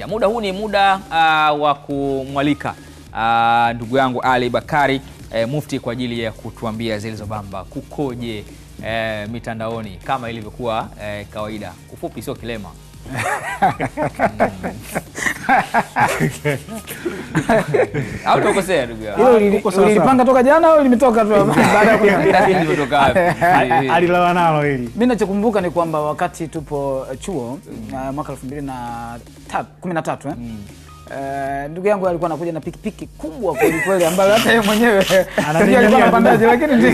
Ya muda huu ni muda uh, wa kumwalika uh, ndugu yangu Ali Bakari eh, Mufti kwa ajili ya kutuambia zilizobamba kukoje eh, mitandaoni kama ilivyokuwa eh, kawaida. Kufupi sio kilema. mm. Hautakosea Ulilipanga toka jana au limetoka tu baada ya kutoka? nalo hili. Mimi nachokumbuka ni kwamba wakati tupo chuo uh, mwaka 2013 eh. Mm. Uh, ndugu yangu alikuwa anakuja na pikipiki kubwa kweli kweli ambayo hata yeye mwenyewe alikuwa anapandaje, lakini ndio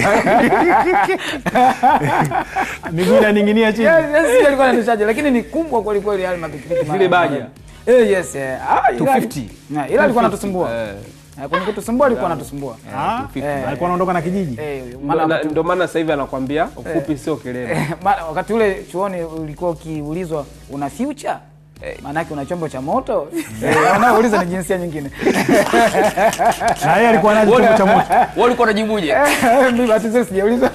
miguu inaning'inia chini. Yaani, alikuwa lakini ni kubwa kweli kweli yale mapikipiki zile baja Eh, yes, eh. Ah, ila 250. Na ila alikuwa anatusumbua. Eh. eh Kwa nini kutusumbua alikuwa anatusumbua. Ah, eh, eh. alikuwa anaondoka na kijiji. Eh, ndio maana sasa hivi anakuambia ufupi sio kelele. Wakati ule chuoni ulikuwa ukiulizwa una future? Eh. maanake una chombo cha moto wanaouliza eh, ni jinsia nyingine. Na yeye alikuwa na chombo cha moto, wewe ulikuwa unajibuje? Eh, mimi bahati nzuri sijauliza.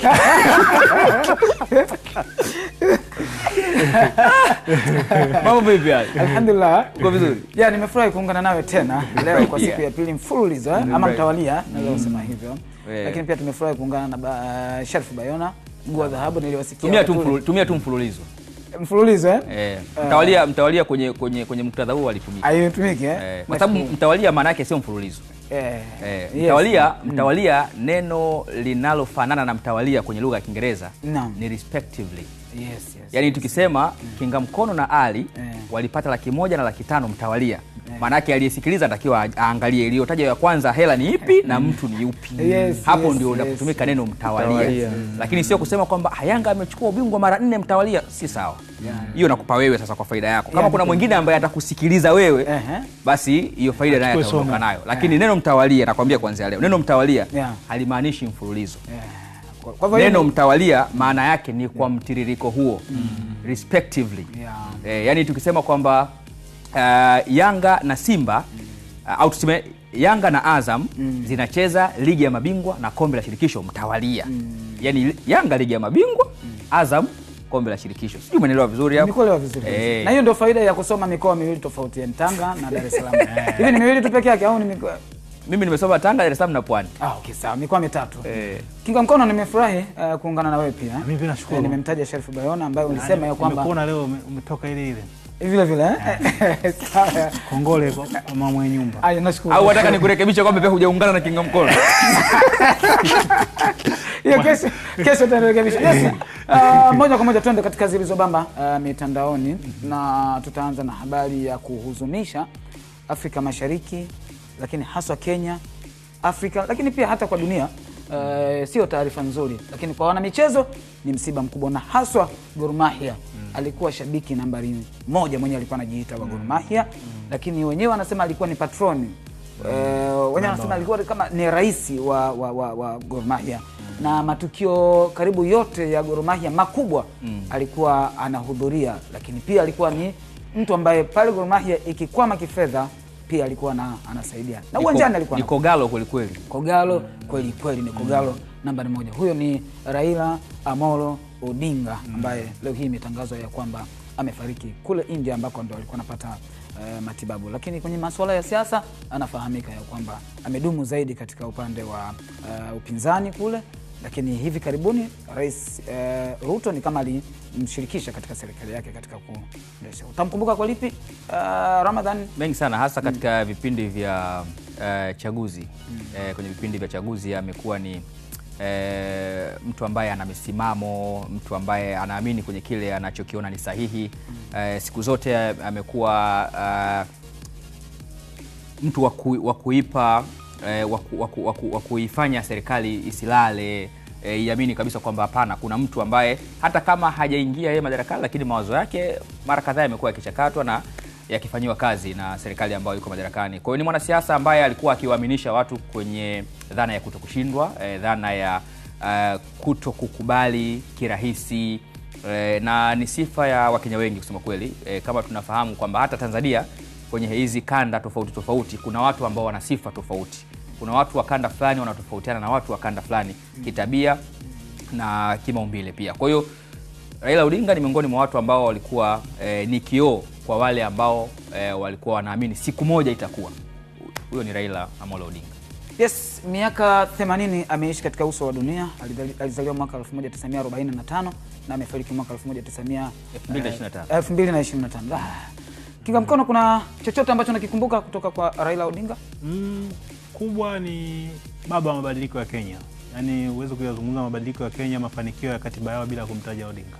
Mambo vipi? Alhamdulillah. Uko vizuri? Yeah, nimefurahi kuungana nawe tena leo kwa siku ya pili mfululizo ama mtawalia naweza kusema mm. hivyo. Lakini pia tumefurahi kuungana na Sharif Bayona mguu wa dhahabu niliwasikia. Tumia tu mfululizo mfululizo eh? eh? Eh, mtawalia, mtawalia kwenye, kwenye, kwenye muktadha huo alitumika alitumike eh? eh? Kwa sababu mtawalia maana yake sio mfululizo eh, eh, mtawalia, yes. Mtawalia mm. Neno linalofanana na mtawalia kwenye lugha ya Kiingereza no. ni respectively yes, yes, yaani tukisema mm. kinga mkono na Ali yeah. walipata laki moja na laki tano mtawalia yeah. Maanake aliyesikiliza anatakiwa aangalie iliyotaja ya kwanza hela ni ipi na mm. mtu ni upi. yes, hapo yes, ndio yes, yes. neno mtawalia, mtawalia. Mm. mm. Lakini sio kusema kwamba ah, Yanga amechukua ubingwa mara nne mtawalia, si sawa hiyo yeah. Nakupa wewe sasa kwa faida yako kama yeah, kuna mwingine ambaye atakusikiliza wewe uh -huh. Basi hiyo faida naye ataondoka nayo, lakini yeah. Neno mtawalia nakwambia kuanzia leo neno mtawalia yeah. halimaanishi mfululizo yeah. Kwa hivyo neno mtawalia maana yake ni kwa mtiririko huo mm. respectively yeah. eh, yani tukisema kwamba uh, Yanga na Simba uh, au tuseme Yanga na Azam mm. zinacheza ligi ya mabingwa na kombe la shirikisho mtawalia mm. yani Yanga ligi ya mabingwa mm. Azam kombe la shirikisho. Sijui umeelewa vizuri hapo. Nikuelewa vizuri. Hey. Eh. Na hiyo ndio faida ya kusoma mikoa miwili tofauti ya Tanga na Dar es Salaam. Eh. Hivi ni miwili tu peke yake au ni mikoa mimi nimesoma Tanga, Dar es Salaam na Pwani. Ah, okay, sawa. Mikoa mitatu. Eh. Kinga mkono nimefurahi uh, kuungana na wewe pia. Ah, mimi pia nashukuru. Eh, nimemtaja sherif Bayona ambaye yaani, ulisema ya kwamba nimekuona leo umetoka ile ile. Vile vile eh? Ah. Sawa. Kongole kwa mama nyumba. Ah, nashukuru. Au nataka nikurekebisha kwamba pia hujaungana na Kinga mkono. Hiyo kesho kesho tutarekebisha. Yes. Uh, moja kwa moja twende katika zilizobamba uh, mitandaoni mm-hmm. na tutaanza na habari ya kuhuzunisha Afrika Mashariki lakini haswa Kenya, Afrika, lakini pia hata kwa dunia uh, sio taarifa nzuri, lakini kwa wanamichezo ni msiba mkubwa, na haswa Gor Mahia mm. alikuwa shabiki nambari moja, mwenye alikuwa anajiita wa Gor Mahia mm. lakini wenyewe wanasema alikuwa ni patroni mm. uh, wenyewe wanasema alikuwa kama ni rais wa, wa, wa, wa Gor Mahia mm. na matukio karibu yote ya Gor Mahia makubwa mm. alikuwa anahudhuria, lakini pia alikuwa ni mtu ambaye pale Gor Mahia ikikwama kifedha pia alikuwa na, anasaidia na uwanjani alikuwa ni Kogalo kweli kweli, Kogalo kweli kweli ni Kogalo nambari moja. Huyo ni Raila Amolo Odinga mm. ambaye leo hii imetangazwa ya kwamba amefariki kule India ambako ndo alikuwa anapata eh, matibabu, lakini kwenye masuala ya siasa anafahamika ya kwamba amedumu zaidi katika upande wa uh, upinzani kule lakini hivi karibuni Rais e, Ruto ni kama alimshirikisha katika serikali yake katika kuendesha. Utamkumbuka kwa lipi uh, Ramadhan? Mengi sana hasa mm. katika mm. vipindi vya uh, chaguzi mm. e, kwenye vipindi vya chaguzi amekuwa ni e, mtu ambaye ana misimamo, mtu ambaye anaamini kwenye kile anachokiona ni sahihi mm. e, siku zote amekuwa uh, mtu wa waku, kuipa eh, wa kuifanya serikali isilale eh, iamini kabisa kwamba hapana, kuna mtu ambaye hata kama hajaingia yeye madarakani, lakini mawazo yake mara kadhaa yamekuwa yakichakatwa na yakifanyiwa kazi na serikali ambayo yuko madarakani. Kwa hiyo ni mwanasiasa ambaye alikuwa akiwaaminisha watu kwenye dhana ya kuto kushindwa, eh, dhana ya uh, eh, kuto kukubali kirahisi eh, na ni sifa ya Wakenya wengi kusema kweli eh, kama tunafahamu kwamba hata Tanzania kwenye hizi kanda tofauti tofauti kuna watu ambao wana sifa tofauti kuna watu wa kanda fulani wanatofautiana na watu wa kanda fulani mm. kitabia na kimaumbile pia. Kwa hiyo Raila Odinga ni miongoni mwa watu ambao walikuwa e, ni kioo kwa wale ambao e, walikuwa wanaamini siku moja itakuwa. Huyo ni Raila Amolo Odinga. Yes, miaka 80 ameishi katika uso wa dunia. Alizaliwa mwaka 1945 na amefariki mwaka 1925. 2025. Kinga mkono, kuna chochote ambacho nakikumbuka kutoka kwa Raila Odinga? Mm kubwa ni baba wa mabadiliko ya Kenya, yaani huwezi kuyazungumza mabadiliko ya Kenya, mafanikio ya katiba yao bila kumtaja Odinga.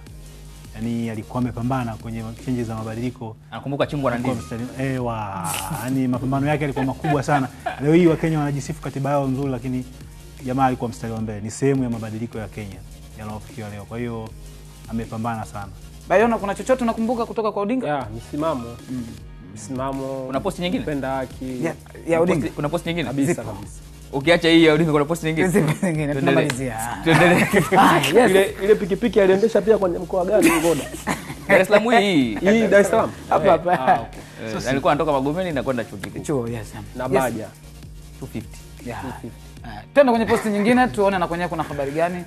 Yaani alikuwa amepambana kwenye chenji za mabadiliko. Nakumbuka chungwa na ndizi. Ewa, eh, yaani mapambano yake yalikuwa makubwa sana. Leo hii Wakenya wanajisifu katiba yao nzuri, lakini jamaa alikuwa mstari wa mbele, ni sehemu ya mabadiliko ya Kenya yanayofikiwa leo. Kwa hiyo amepambana sana. Bayona, kuna chochote unakumbuka kutoka kwa Odinga? Ya, msimamo. Mm msimamo una post nyingine penda haki ya, Odinga kuna post nyingine kabisa kabisa ukiacha hii ya Odinga kuna post nyingine nyingine tunamalizia tuendelee ah, ah, ile ile pikipiki aliendesha pia kwenye mkoa gani ngoda Dar es Salaam hii hii Dar es Salaam hapa eh, hapa ah, eh, alikuwa anatoka Magomeni na kwenda chuo kikuu chuo yes na baja 250 yeah 250 eh, twende kwenye posti nyingine tuone na kwenyewe kuna habari gani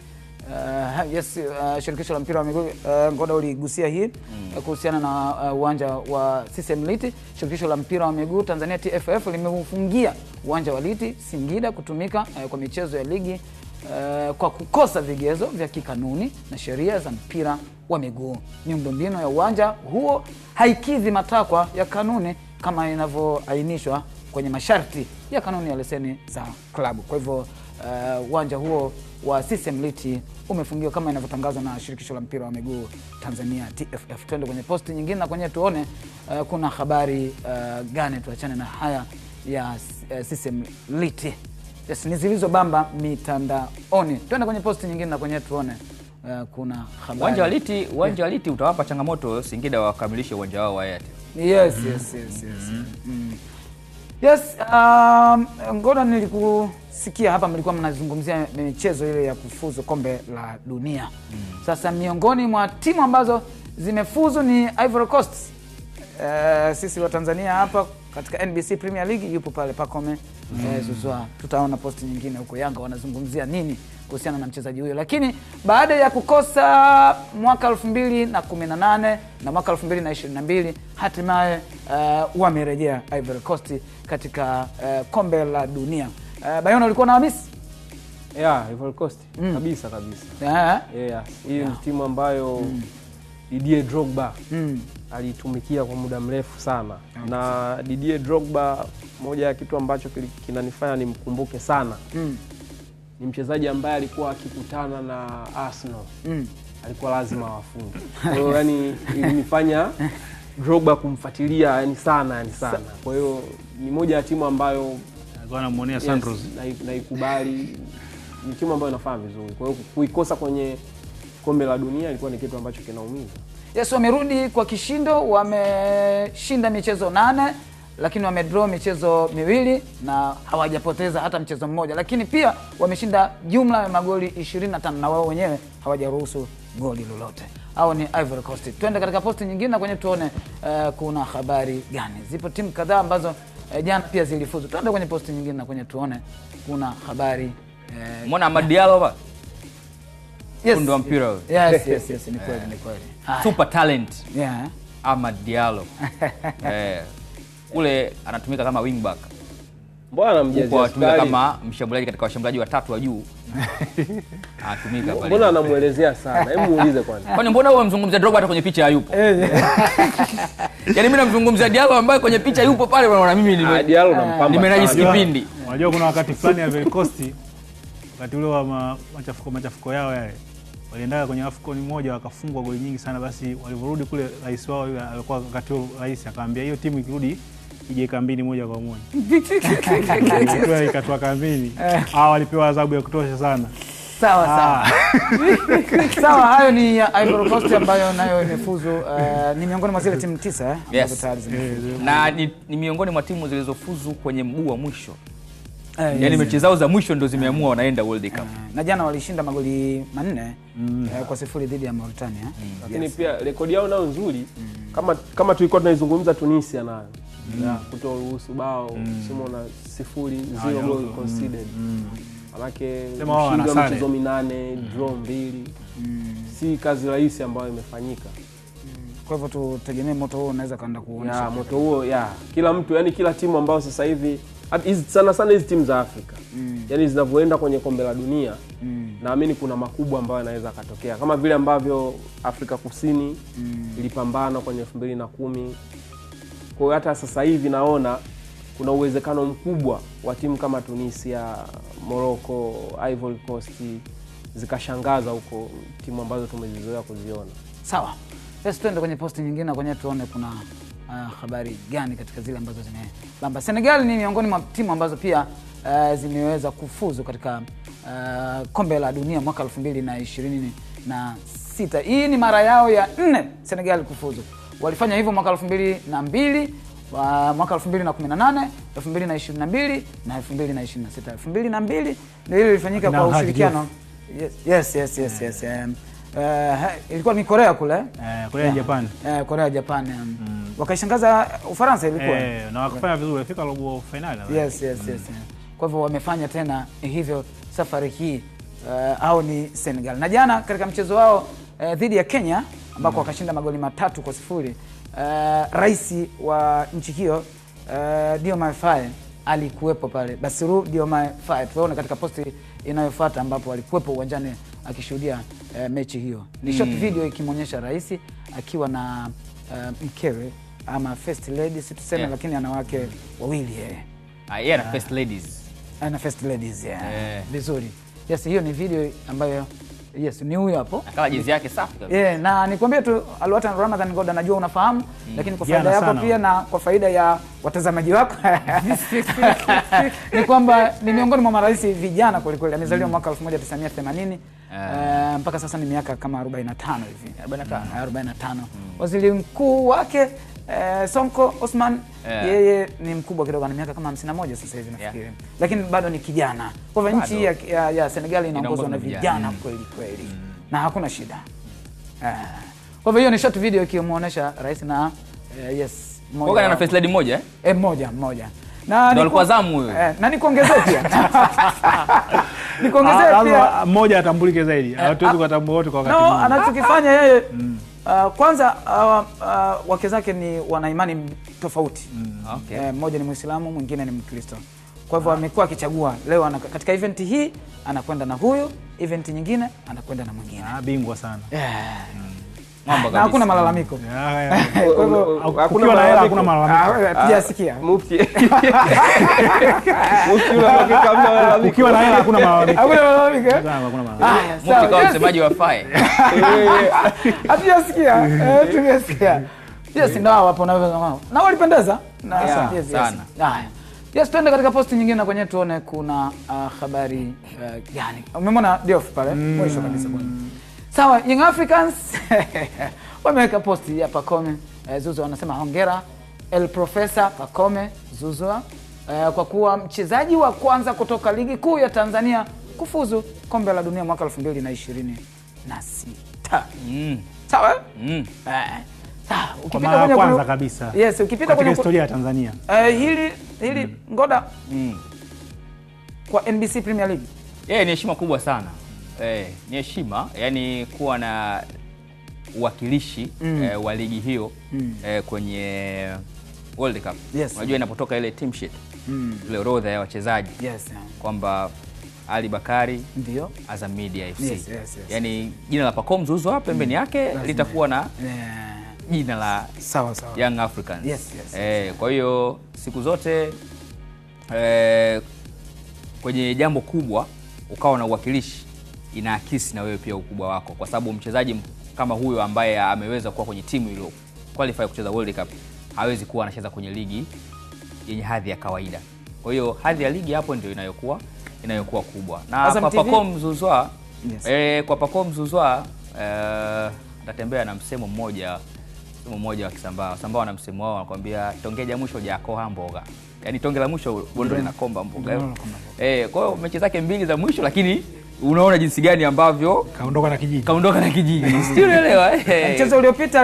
Uh, yes, uh, shirikisho la mpira wa miguu uh, eh, Ngoda uligusia hii mm. kuhusiana na uwanja uh, wa CCM Liti. Shirikisho la mpira wa miguu Tanzania TFF limeufungia uwanja wa Liti Singida kutumika uh, kwa michezo ya ligi uh, kwa kukosa vigezo vya kikanuni na sheria za mpira wa miguu. Miundombinu ya uwanja huo haikidhi matakwa ya kanuni kama inavyoainishwa kwenye masharti ya kanuni ya leseni za klabu. Kwa hivyo Eh, uwanja uh, huo wa CCM Liti umefungiwa kama inavyotangazwa na shirikisho la mpira wa miguu Tanzania TFF. Twende kwenye posti nyingine na kwenye tuone uh, kuna habari uh, gani. Tuachane na haya ya uh, CCM Liti. Yes, ni zilizobamba mitandaoni. Twende kwenye posti nyingine na kwenye tuone uh, kuna habari. Uwanja wa Liti, uwanja wa Liti utawapa changamoto Singida wakamilishe uwanja wao wa Airtel. Yes, yes, yes, yes. Mm-hmm. Mm -hmm. Mm -hmm. Yes, um, Ngona nilikusikia hapa mlikuwa mnazungumzia michezo ile ya kufuzu kombe la dunia. Mm. Sasa miongoni mwa timu ambazo zimefuzu ni Ivory Coast. Uh, sisi wa Tanzania hapa katika NBC Premier League yupo pale pakome Eh, mm. Zouzoua ah, tutaona posti nyingine huko, Yanga wanazungumzia nini kuhusiana na mchezaji huyo. Lakini baada ya kukosa mwaka elfu mbili na kumi na nane na mwaka elfu mbili na ishirini na mbili hatimaye uh, wamerejea Ivory Coast katika uh, kombe la dunia. Uh, Bayona ulikuwa na hamisi yeah, Ivory Coast mm. kabisa kabisa yeah. yeah. yeah. yeah. ni timu ambayo mm. Didier Drogba mm alitumikia kwa muda mrefu sana okay. Yaani na Didier Drogba, moja ya kitu ambacho kinanifanya nimkumbuke sana mm. ni mchezaji ambaye alikuwa akikutana na Arsenal mm. alikuwa lazima wafunge kwa hiyo yani ilinifanya Drogba kumfuatilia yani sana yani sana. Kwa hiyo ni moja ya timu ambayo anamuonea Sandros naikubali, na ni timu ambayo inafanya vizuri, kwa hiyo kuikosa kwenye kombe la dunia ilikuwa ni kitu ambacho kinaumiza. Yes, wamerudi kwa kishindo, wameshinda michezo nane lakini wamedraw michezo miwili na hawajapoteza hata mchezo mmoja, lakini pia wameshinda jumla ya magoli 25 na wao wenyewe hawajaruhusu goli lolote. Hao ni Ivory Coast. Twende katika posti nyingine na kwenye tuone uh, kuna habari gani. Zipo timu kadhaa ambazo uh, jana pia zilifuzu. Twende kwenye posti nyingine na kwenye tuone kuna habari uh, Mwana Madialo ba yes, kundo wa mpira yes, yes, yes, yes, ni kweli, ni kweli. Super talent. Yeah. Ama Diallo. Eh. ule anatumika kama wing back. Mbona mjezea kama mshambuliaji katika washambuliaji watatu wa juu. Atumika pale. Mbona anamuelezea sana? Hebu muulize kwanza. Kwani mbona wewe mzungumzia Drogba hata kwenye picha hayupo? Eh. Yaani mimi namzungumzia Diallo ambaye kwenye picha yupo pale na mimi nime ah, Diallo nampamba. Ah, Nimenajisi kipindi. Unajua kuna wakati fulani ya Velkosti wakati ule wa machafuko machafuko yao yale. ya waliendaga kwenye AFCON moja wakafungwa goli nyingi sana. Basi walivyorudi kule, rais wao yule alikuwa wakati huo rais akaambia hiyo timu ikirudi ije kambini moja kwa moja ikatua kambini. Ah, walipewa adhabu ya kutosha sana. Sawa sawa. Ah. Sawa, hayo ni Ivory Coast ambayo nayo imefuzu uh, ni miongoni mwa zile timu tisa eh? Yes. Na ni, ni miongoni mwa timu zilizofuzu kwenye mguu wa mwisho. Eh, yani yeah, mechi zao za mwisho ndo zimeamua wanaenda World Cup. Eh, na jana walishinda magoli manne mm. Eh, kwa sifuri dhidi ya Mauritania mm. lakini yes. pia rekodi yao nayo nzuri mm. kama, kama tulikuwa tunaizungumza Tunisia nayo mm. kutoruhusu bao mm. simo na sifuri zero goal mm. conceded mm. manake mshinda mchezo minane mm. draw mbili mm. si kazi rahisi ambayo imefanyika mm. kwa hivyo tutegemee moto huo unaweza kaenda kuonyesha moto huo ya kila mtu yani kila timu ambayo sasa hivi sana sana hizi timu za Afrika mm. yani zinavyoenda kwenye kombe la dunia mm. naamini kuna makubwa ambayo yanaweza akatokea kama vile ambavyo Afrika Kusini mm. ilipambana kwenye elfu mbili na kumi kwa hiyo hata sasa hivi naona kuna uwezekano mkubwa wa timu kama Tunisia, Morocco, Ivory Coast zikashangaza huko timu ambazo tumezizoea kuziona. Sawa, basi tuende kwenye posti nyingine na kwenye tuone kuna Ah, habari gani katika zile ambazo zimebamba. Senegal ni miongoni mwa timu ambazo pia uh, zimeweza kufuzu katika uh, kombe la dunia mwaka elfu mbili na ishirini na sita. Hii ni mara yao ya nne Senegal kufuzu. Walifanya hivyo mwaka elfu mbili na mbili mwaka 2018, 2022 na 2026. 2022 ndio hilo lilifanyika kwa ushirikiano. Yes, yes, yes, yes, yes. Um, Eh, ilikuwa ni Korea kule eh, Korea ya Japan eh, Korea Japan mm. Wakaishangaza Ufaransa ilikuwa eh, na wakafanya vizuri, wafika robo finali. Yes, yes, yes, mm. yes. Kwa hivyo wamefanya tena hivyo safari hii uh, au ni Senegal. Na jana katika mchezo wao uh, dhidi ya Kenya ambako mm. wakashinda magoli matatu kwa sifuri uh, rais wa nchi hiyo uh, Diomaye Faye alikuwepo pale, Basiru Diomaye Faye, Tuone katika posti inayofuata ambapo alikuwepo uwanjani akishuhudia eh, mechi hiyo ni mm. short video ikimwonyesha rais akiwa na uh, mkewe ama first ladies tuseme, yeah. lakini anawake wake wawili yeye eh. ah, yeah, uh, first ladies ana ah, first ladies yeah. yeah. Vizuri, yes, hiyo ni video ambayo Yes, ni huyo hapo. Akawa jezi yake safi kabisa. Yeah, na nikwambie tu alwata ramadan god anajua unafahamu mm, lakini kwa faida yako pia na kwa faida ya watazamaji wako ni kwamba ni miongoni mwa marais vijana kwelikweli, amezaliwa hmm. mwaka 1980 Uh, mpaka sasa ni miaka kama 45 hivi 45, mm. mm. Waziri mkuu wake uh, Sonko Osman yeah. Yeye ni mkubwa kidogo, ana miaka kama 51 sasa hivi nafikiri yeah. Lakini bado ni kijana, kwa hivyo nchi ya, ya, ya Senegal inaongozwa na vijana mm. kweli kweli mm. na hakuna shida uh, kwa hivyo hiyo ni short video ikimwonyesha rais na uh, yes moja na face lady moja eh, moja moja na alikuwa zamu huyo eh, na nikuongezee pia nikuongezee ah, pia mmoja atambulike zaidi, eh, hatuwezi ah, kutambua wote kwa wakati no, Anachokifanya yeye Uh, kwanza uh, uh, wake zake ni wana imani tofauti mm, okay. Eh, mmoja ni Muislamu, mwingine ni Mkristo. Kwa hivyo amekuwa akichagua leo anaka, katika event hii anakwenda na huyu, event nyingine anakwenda na mwingine. Ah, bingwa sana. Yeah. Mm. hakuna malalamiko. Ah, ah, kwa hivyo na wa fae, wapo ah, eh, na na walipendeza sana. Yes, tuende katika posti nyingine na kwenyewe tuone kuna habari gani. Eh, umemwona Diof pale mm. mwisho kabisa Sawa, Young Africans wameweka posti ya Pacome eh, zuzua wanasema hongera El Profesa Pacome zuzua eh, kwa kuwa mchezaji wa kwanza kutoka ligi kuu ya Tanzania kufuzu kombe la dunia mwaka 2026. Mm. Sawa? Mm. Eh, eh. sawa. Ukipita kwenye kwanza kabisa. Yes, ukipita kwenye historia ya Tanzania. Eh, hili hili mm. Ngoda. Mm. Kwa NBC Premier League. Yeye yeah, ni heshima kubwa sana eh, ni heshima yani kuwa na uwakilishi mm. eh, wa ligi hiyo mm. eh, kwenye World Cup. Yes. Unajua inapotoka ile team sheet mm. ile orodha ya wachezaji yes, kwamba ali Bakari ndio Azam Media FC. Yes, yes, yes. Yaani jina la Pacome Zouzoua mm. pembeni yake mm. litakuwa na yeah. jina la sawa, sawa. Young Africans. Yes, yes, eh, yes. Kwa hiyo siku zote eh, kwenye jambo kubwa ukawa na uwakilishi inaakisi na wewe pia ukubwa wako, kwa sababu mchezaji kama huyo ambaye ameweza kuwa kwenye timu iliyo qualify kucheza World Cup hawezi kuwa anacheza kwenye ligi yenye hadhi ya kawaida. Kwa hiyo hadhi ya ligi hapo ndio inayokuwa inayokuwa kubwa na kwa Pako Mzuzwa, yes. E, kwa Pako Mzuzwa eh, atatembea e, na msemo mmoja msemo mmoja wa Kisambaa. Wasambaa wana msemo wao wanakuambia tongeja mwisho jakoha mboga, yaani tonge la mwisho bondo linakomba mboga. Eh, kwa hiyo mechi zake mbili za mwisho lakini unaona jinsi gani ambavyo kaondoka na kijiji, kaondoka na kijiji, sio? Unaelewa eh. mchezo uliopita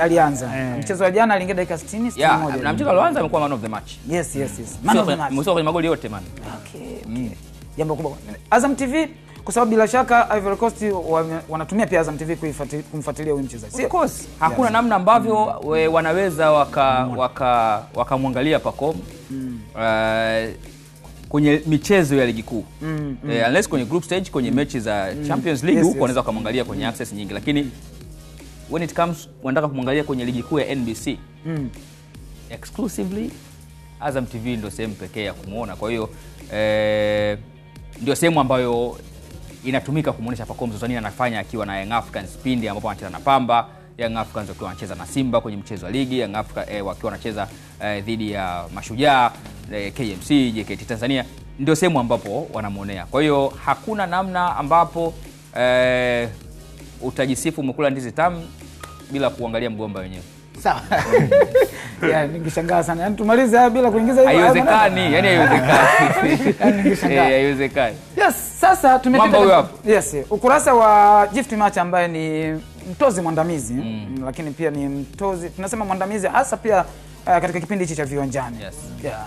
alianza eh. mchezo wa jana aliingia dakika 60 61 yeah, na mchezo alianza amekuwa man of the match. Yes, yes, yes, man of the match, msio kwenye magoli yote man. Okay, mm. Jambo kubwa Azam TV kwa sababu bila shaka Ivory Coast wanatumia pia Azam TV kumfuatilia huyu mchezaji. Of course, hakuna mm. namna ambavyo wanaweza wakamwangalia waka, waka, waka Pacome mm. Eh, kwenye michezo ya ligi kuu mm, mm. Eh, unless kwenye group stage kwenye mm. mechi za mm. Champions League huko yes, wanaweza yes. kumwangalia kwenye mm. access nyingi, lakini when it comes unataka kumwangalia kwenye ligi kuu ya NBC mm. exclusively Azam TV ndio sehemu pekee ya kumwona. Kwa hiyo eh, ndio sehemu ambayo inatumika kumwonyesha pakua Mzanzania anafanya akiwa na Young Africans pindi ambapo anacheza na Pamba, Young Africans wakiwa wanacheza na Simba kwenye mchezo wa ligi, Young Africa eh, wakiwa wanacheza Eh, dhidi ya Mashujaa eh, KMC, JKT Tanzania ndio sehemu ambapo wanamwonea. Kwa hiyo hakuna namna ambapo eh, utajisifu umekula ndizi tamu bila kuangalia mgomba wenyewe. Sawa. Yaani ningeshangaa sana. Yaani tumalize haya bila kuingiza hiyo. Haiwezekani, Yaani haiwezekani. Yaani ningeshangaa. Eh, haiwezekani. Yes, sasa tumepita mambo hapo. Yes, ukurasa wa Gift Match ambaye ni mtozi mwandamizi mm. lakini pia ni mtozi tunasema mwandamizi hasa pia uh, katika kipindi hichi cha Viwanjani. Yes. Yeah.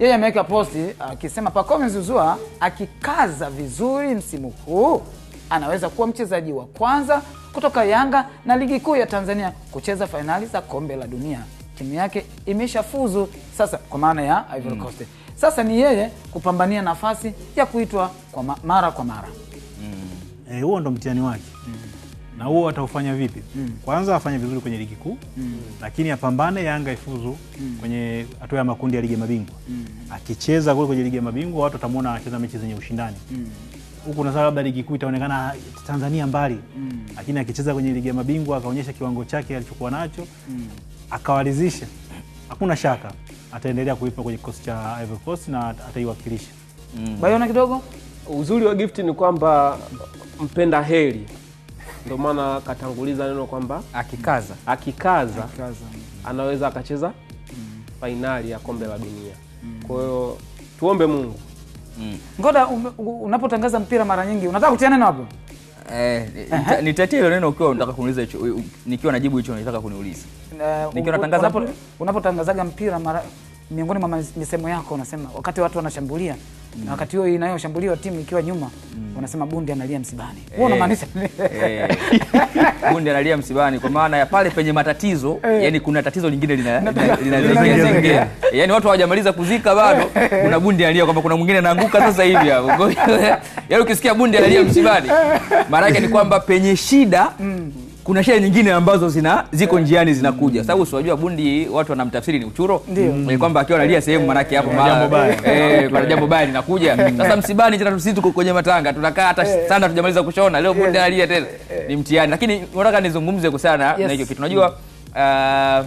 Yeye ameweka posti akisema uh, Pacome Zuzua akikaza vizuri msimu huu anaweza kuwa mchezaji wa kwanza kutoka Yanga na ligi kuu ya Tanzania kucheza fainali za kombe la dunia. Timu yake imeshafuzu sasa, kwa maana ya Ivory mm. Coast mm. Sasa ni yeye kupambania nafasi ya kuitwa kwa mara kwa mara huo mm. Eh, ndo mtihani wake na huo ataufanya vipi? mm. Kwanza afanye vizuri kwenye ligi kuu mm. lakini apambane Yanga ifuzu mm. kwenye hatua ya makundi ya ligi ya mabingwa mm. akicheza kule kwenye ligi ya mabingwa watu watamwona anacheza mechi zenye ushindani mm. huku mm. nasaa labda ligi kuu itaonekana Tanzania mbali mm. lakini akicheza kwenye ligi ya mabingwa akaonyesha kiwango chake alichokuwa nacho mm. akawalizisha, hakuna shaka ataendelea kuipa kwenye kikosi cha Ivory Coast na ataiwakilisha mm. Bayona kidogo. Uzuri wa Gift ni kwamba mpenda heri ndio maana akatanguliza neno kwamba akikaza, akikaza, anaweza akacheza mm. fainali ya kombe la dunia mm. kwa hiyo tuombe Mungu mm. Ngoda, unapotangaza mpira mara nyingi unataka kutia neno hapo Eh, nitatia hilo neno ukiwa unataka kuniuliza hicho nikiwa najibu hicho unataka kuniuliza. Uh, nikiwa natangaza unapotangazaga mpira mara miongoni mwa misemo yako unasema wakati watu wanashambulia mm. na wakati huo inayoshambuliwa timu ikiwa nyuma mm. wanasema bundi analia msibani. Eh. Wewe unamaanisha nini? Eh. Bundi analia msibani kwa maana ya pale penye matatizo hey. Eh. Yani kuna tatizo lingine linazingia yani watu hawajamaliza kuzika bado, kuna bundi analia kwamba kuna mwingine anaanguka sasa hivi hapo. Yani ukisikia bundi analia msibani, maana yake ni kwamba penye shida mm kuna sheria nyingine ambazo zina ziko eh. njiani zinakuja, sababu si siwajua bundi watu wanamtafsiri ni uchuro mm. ni kwamba akiwa analia sehemu manake hapo eh, kuna jambo baya linakuja. Sasa msibani tena, sisi tuko kwenye matanga, tunakaa hata eh. sana tujamaliza kushona, leo bundi analia tena, ni mtihani. Lakini nataka nizungumze kuhusiana na hiyo kitu, unajua uh,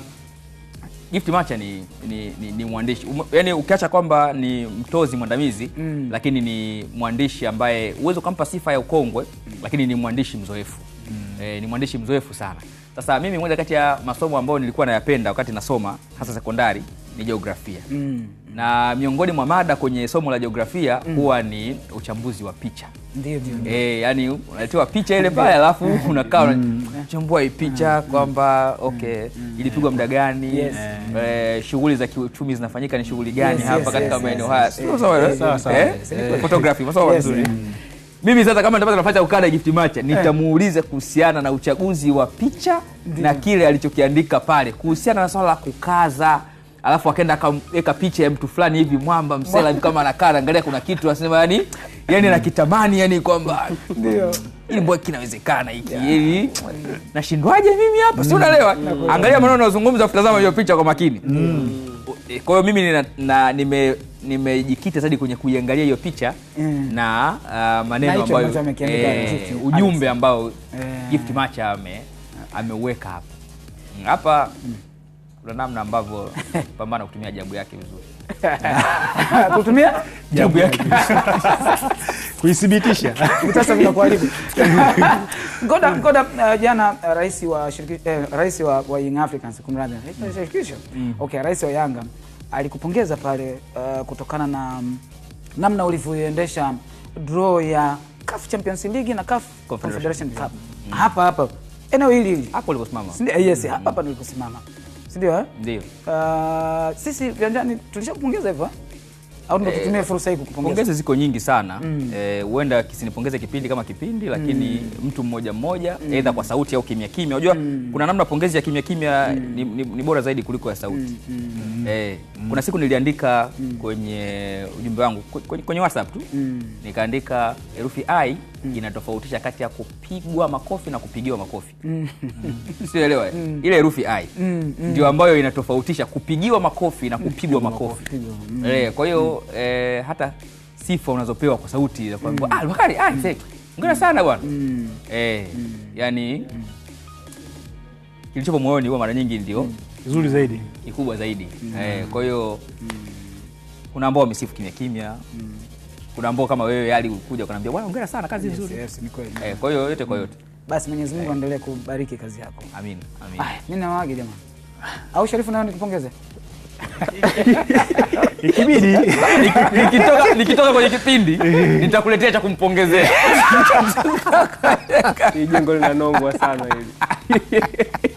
Gift Macha ni, ni, ni, ni mwandishi yani ukiacha kwamba ni mtozi mwandamizi mm, lakini ni mwandishi ambaye uwezo kampa sifa ya ukongwe mm, lakini ni mwandishi mzoefu mm. E, ni mwandishi mzoefu sana. Sasa mimi moja kati ya masomo ambayo nilikuwa nayapenda wakati nasoma hasa sekondari ni jiografia mm. mm. na miongoni mwa mada kwenye somo la jiografia mm. huwa ni uchambuzi wa picha E, yani unaletewa picha ile pale alafu mm. unakaa mm. unachambua hii picha kwamba okay ilipigwa muda gani yes. e, shughuli za kiuchumi zinafanyika ni shughuli gani yes, hapa yes, katika yes, maeneo haya yes, yes, yes, yes, yes, yes, yes, yes, mimi sasa kama nitapata nafasi ya na gift match eh. nitamuuliza kuhusiana na uchaguzi wa picha Ndiyo. na kile alichokiandika pale kuhusiana na swala la kukaza alafu akaenda akaweka picha ya mtu fulani hivi mwamba msela kama anakaa naangalia kuna kitu anasema yani yani nakitamani yani kwamba ili mbwa kinawezekana hiki yeah. nashindwaje mimi hapa si unaelewa mm. angalia maneno anayozungumza kutazama hiyo picha kwa makini mm. mm. kwa hiyo mimi nina, na, nime nimejikita zaidi kwenye kuiangalia hiyo picha mm. na uh, maneno ambayo eh, ujumbe ambao e. gift macha ame ameuweka hapa mm, hapa mm kuna namna ambavyo pambana kutumia jabu yake vizuri kutumia jabu yake kuithibitisha sasa vinakuharibu ngoda ngoda uh, jana uh, rais wa shiriki, eh, rais wa, wa Young Africans kumradi mm. mm. okay rais wa Yanga alikupongeza pale uh, kutokana na um, namna ulivyoendesha draw ya CAF Champions League na CAF Confederation Cup hapa hapa eneo hili hapo uliposimama yes mm. hapa hapa niliposimama sindio? Eh? Ndio. Uh, sisi viwanjani tulishakupongeza hivyo eh? au ndio eh, tutumie fursa hii kukupongeza? Pongeza ziko nyingi sana mm. huenda mm. E, kisinipongeze kipindi kama kipindi lakini mm. mtu mmoja mmoja mm. aidha kwa sauti au kimya kimya. Unajua mm. kuna namna pongezi ya kimya kimya mm. ni, ni, ni bora zaidi kuliko ya sauti mm. Mm. E, mm. mm. kuna siku niliandika mm. kwenye ujumbe wangu kwenye, kwenye WhatsApp tu mm. nikaandika herufi I mm. inatofautisha kati ya kupigwa makofi na kupigiwa makofi mm. sielewa mm. ile herufi i mm, mm. ndio ambayo inatofautisha kupigiwa makofi na mm, kupigwa makofi mm. e, kwa hiyo mm. e, hata sifa unazopewa kwa sauti za mm. Ah, ah, mm. sana bwana mm. e, mm. yani mm. kilichopo moyoni huwa mara nyingi ndio mm. zaidi kikubwa zaidi mm. e, kwa hiyo mm. kuna ambao wamesifu kimya kimya mm kuna ambao kama wewe hali kuja kuniambia bwana, hongera sana, kazi nzuri. Yes, ni kweli. Eh, kwa hiyo yote kwa yote. Basi Mwenyezi Mungu eh. aendelee kubariki kazi yako. Amin. Amin. mimi na wage jamani. Au Sharifu nayo nikupongeze. Ikibidi nikitoka nikitoka kwenye kipindi nitakuletea cha kumpongezea. Hii jengo linanongwa sana hili.